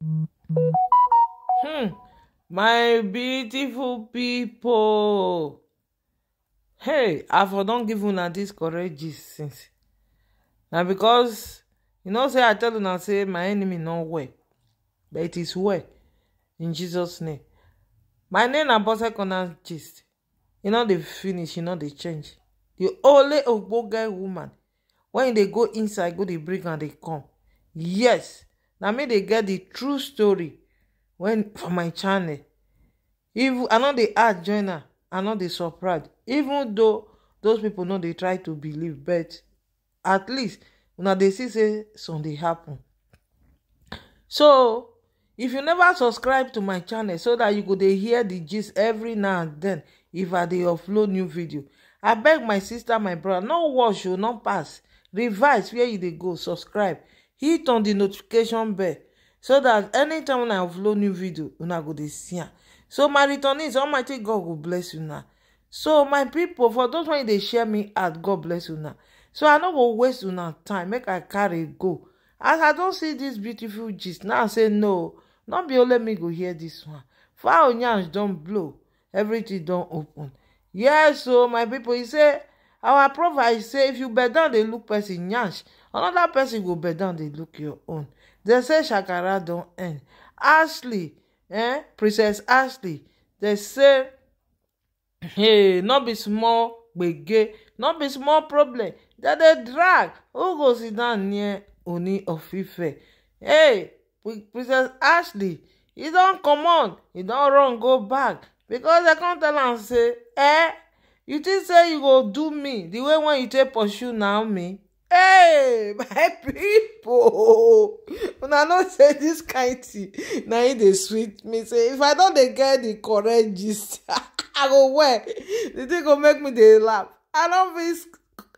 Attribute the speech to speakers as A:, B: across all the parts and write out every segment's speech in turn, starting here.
A: Hmm, my beautiful people. hey i for don give una dis correct gist since na because you know say i tell you una say my enemy no way, but it is way in jesus name my name na bose corner gist e no dey finish You know they change The only ogbonge woman when they go inside go they bring and they come yes na me dey get the true story when for my channel If i no dey add join am i no dey surprise even though those people no dey try to believe but at least una dey see say some dey happen. so if you never subscribe to my channel so that you go dey hear the gist every now and then, if i dey upload new video I beg my sister my brother no watch o oh, no pass revise where you dey go subscribe hit on the notification bell so that anytime when i upload new video una go dey see am so my returnees almighty god go bless you na. so my people, for those wey dey share me out god bless you na. so i no go waste una time make i carry go as i don see this beautiful gist now say no not be only me go hear this one fowl yansh don blow everything don open yes so oh, my people, he say our proverb say if you bend down dey look person yansh another person go bend down They look your own They say shakara don't end ashley eh princess ashley They say hey not be small be gay, not be small problem That they drag who go sit down near oni of ife hey princess ashley don't come on. e don't e run go back because I can't tell and say eh you think say you go do me the way when you take pursue me hey my people! una know say this kind thing na e dey sweet me say if i don dey get the correct gist i go well di thing go make me dey laugh i don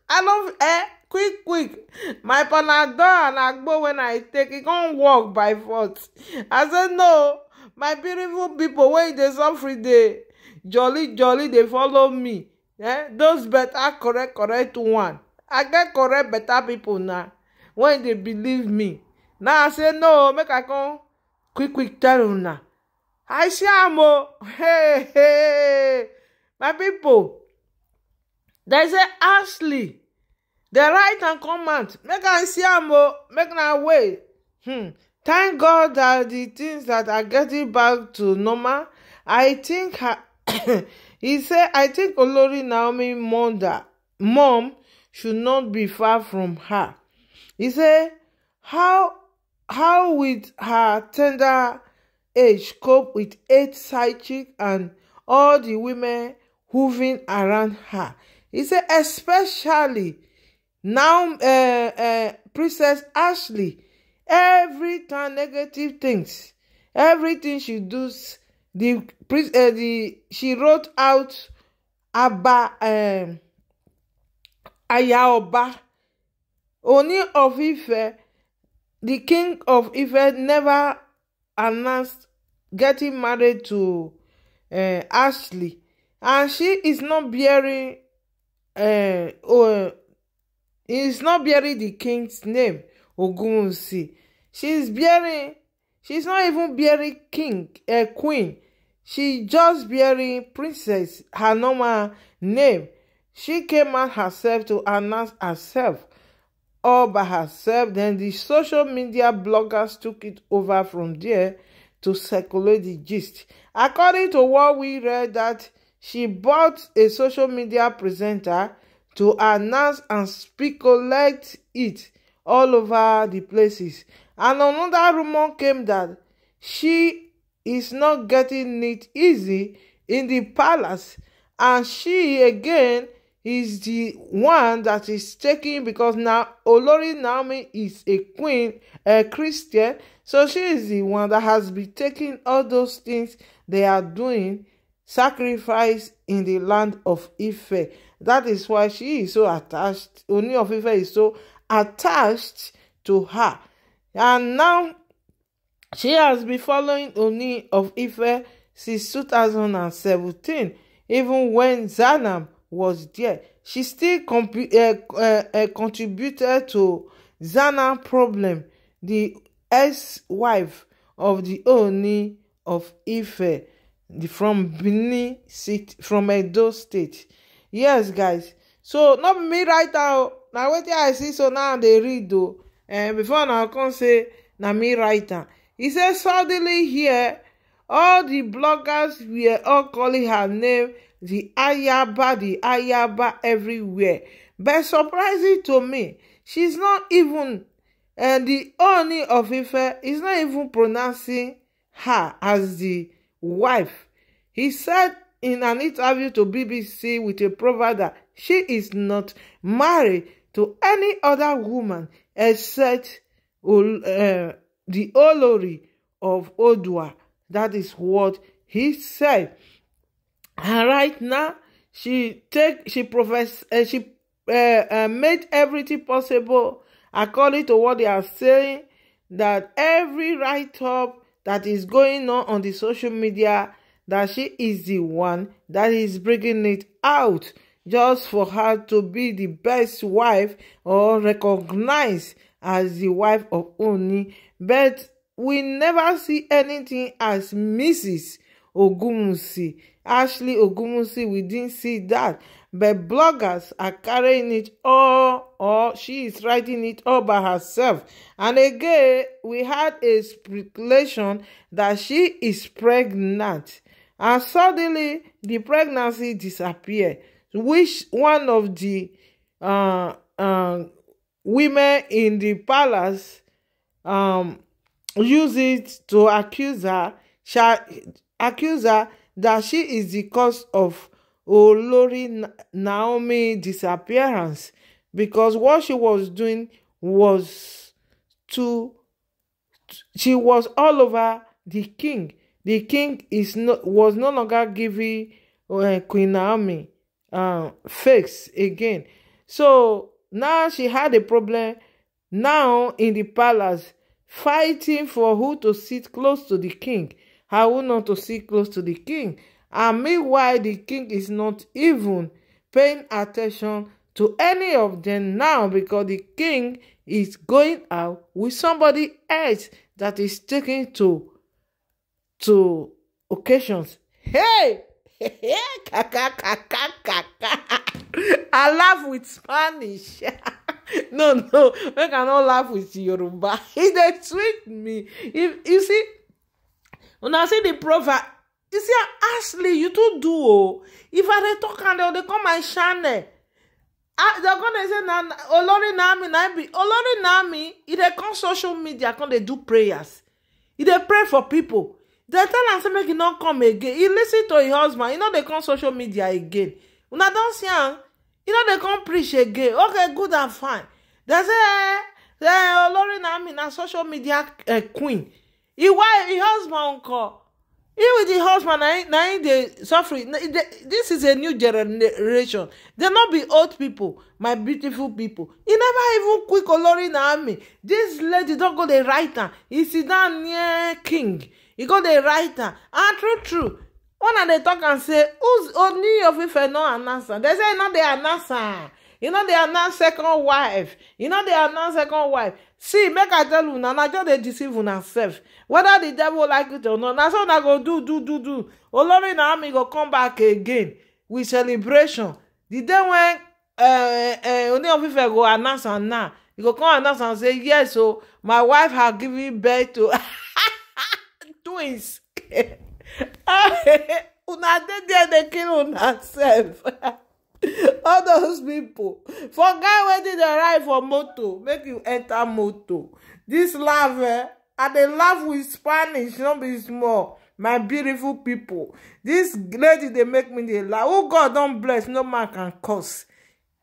A: i don eh quick quick my panadol and agbo wey i take e con work by force i say no my beautiful people, wey e dey suffer dey jolly jolly dey follow me eh those better correct correct one i get correct beta pipo na wen dey believe me now i say no make i come quick quick tell una i see am o hey hey my pipo dem say ashley dem write am comment make i see am o make na way hmm thank god that di things that are getting back to normal i think her say i think olori naomi mom should not be far from her. He said, How how with her tender age cope with eight side chicks and all the women hovering around her. He said, especially now uh, uh, Princess Ashley, every time negative things, everything she does, the, uh, the she wrote out about um, aya ọba Ooni of Ife the king of Ife never announced getting married to uh, Ashley and she is not bearing uh, uh, is not bearing the king's name Ogunwusi she is bearing she is not even bearing king uh, queen she just bearing princess her normal name She came out herself to announce herself all by herself. Then the social media bloggers took it over from there to circulate the gist. According to what we read that she bought a social media presenter to announce and speculate it all over the places. And another rumor came that she is not getting it easy in the palace and she again is the one that is taking because now Olori Naomi is a queen, a Christian, so she is the one that has been taking all those things they are doing sacrifice in the land of Ife. That is why she is so attached. Oni of Ife is so attached to her. And now she has been following Oni of Ife since 2017, even when Zanam was there. She still uh, uh, contributed to Zana problem, the ex-wife of the Ooni of Ife from Benin City, from Edo State. Yes, guys. So not me write Now na wetin I see so now they dey read o. Um, before now I come say na me writer. He says suddenly here all the bloggers were all calling her name the ayaba the ayaba everywhere but surprising to me she's not even and eh, the only of Ife is not even pronouncing her as the wife he said in an interview to BBC with a provider, she is not married to any other woman except uh, the Olori of Odua. That is what he said and right now she take she profess uh, she uh, eh, uh, eh, made everything possible according to what they are saying that every write up that is going on on the social media that she is the one that is bringing it out just for her to be the best wife or recognized as the wife of Oni. but we never see anything as Mrs. Ogumusi. Ashley Ogumusi, we didn't see that. But bloggers are carrying it all, or she is writing it all by herself. And again, we had a speculation that she is pregnant. And suddenly, the pregnancy disappeared, which one of the uh, uh, women in the palace um, used it to accuse her, accuse her that she is the cause of Olori Naomi disappearance because what she was doing was to she was all over the king. The king is no, was no longer giving uh, Queen Naomi uh, face again. So now she had a problem now in the palace fighting for who to sit close to the king I will not to sit close to the king. And meanwhile, the king is not even paying attention to any of them now because the king is going out with somebody else that is taking to to occasions. Hey! I laugh with Spanish. no, no, I cannot laugh with Yoruba. It they treat me. If you see una see the proverb you see ashley you too do o if i dey talk am dem dey come my channel dem come dey say na olori naomi na be olori naomi e dey come social media come dey do prayers e dey pray for people. dem tell am say make e no come again e lis ten to im husband e no dey come social media again una don see am e no dey come preach again okay good and fine dem say eh, eh olori naomi na social media eh, queen e wife e husband nko even the husband na na him dey suffer this is a new generation dem no be old people my beautiful people e never even quick olori na army this lady don go dey write am e sit down near king e go dey write am and ah, true true una dey talk am say who's Ooni of Ife no announce am dem say e no dey announce am e no dey announce second wife e no dey announce second wife see make i tell una na just dey deceive una sef whether the devil like it or not na so una go do do do do olori na army go come back again with celebration The day wen eh, eh, oni of ife go announce and now e go come announce and say yes o oh, my wife has given birth to twins una dey there dey kill una sef all those people. for guy wey dey ride for moto, make you enter moto. This laugh eh i dey laugh with spanish no be small my beautiful people. This lady dey make me dey laugh who god don bless no man can curse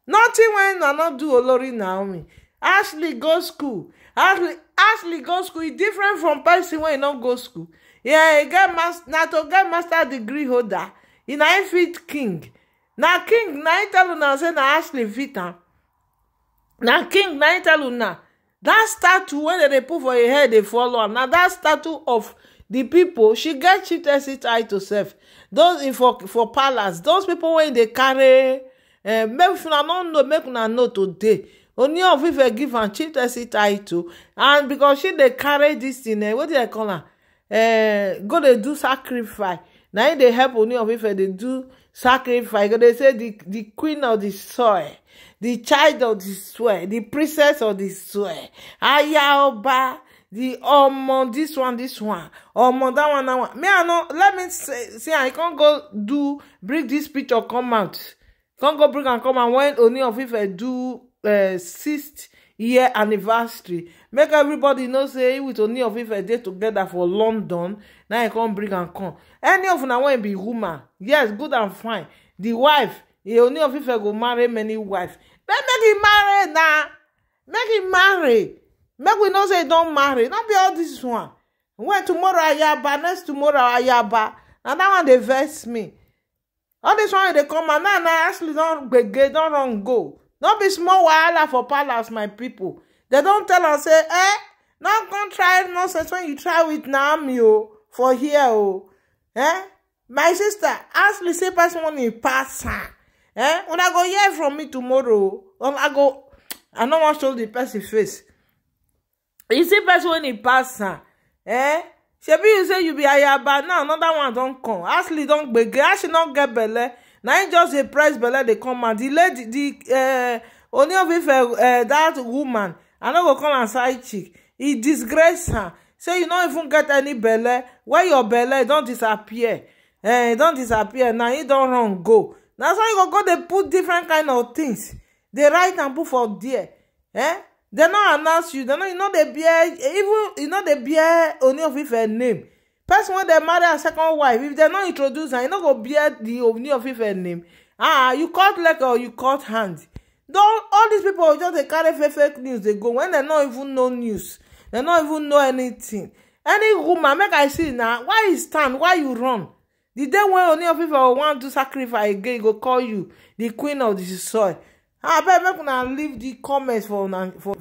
A: nothing wey na not do olori naomi ashley go school ashley ashley go school e different from person wey e no go school yeah e get na to get master degree holder e na im e fit king na king na him tell una say na ashley fit am na king na him tell una dat statue wey dem dey put for im head dey follow am na dat statue of di pipo she get chieftaincy title sef those for for palace those pipo wey dey carry eh, make if una no know make una know today only of ife give am chieftaincy title and because she dey carry dis thing. eh wetin dem call am eh, go dey do sacrifice na im dey help only of ife dey do sacrifice they say the the queen of the soil the child of the soil the princess of the soil aya the omo this one this one omo that one that one me i know let me say See, i can't go do bring this picture come out can't go bring and come out when only of I do uh, eh, sixth year anniversary make everybody know say with oni of ife dey together for london na e come bring am come any of una wen be woman yes good and fine the wife oni of ife go marry many wives then make e marry na make e marry make we know say e don marry no be all this one when tomorrow ayaba next tomorrow ayaba na that one dey vex me all this one wey dey come out now na actually don gbege don run go no be small wahala for palace my people. dem don tell am say eh no come try nonsense when you try with naomi o for here o eh my sister ask me say pass money pass am eh una go hear from me tomorrow um, i go i no wan show the person face you see person wey e pass am eh shebi you say you be ayaba now anoda one don come ashley don gbege ashley don get belle na im just dey press belle dey come out di lady di eh, only of ife eh, that woman i no go call am side chick e disgrace her say you no even get any belle wey your belle don disappear eh don disappear na e don run go na so you go go dey put different kind of things dey write and put for there eh dem no announce you dem no you no dey bear even you no dey bear only of ife name person wey dem marry her second wife if dem no introduce am e no go bear di Ooni of Ife name ah you cut leg or you cut hand don all dis pipo just dey carry fake fake news dey go wen dem no even know news dem no even know anything. any woman make i see na why you stand why you run The day wey Ooni of Ife wan do sacrifice again go call you the queen of the soil ah, abeg make una leave the comment for una for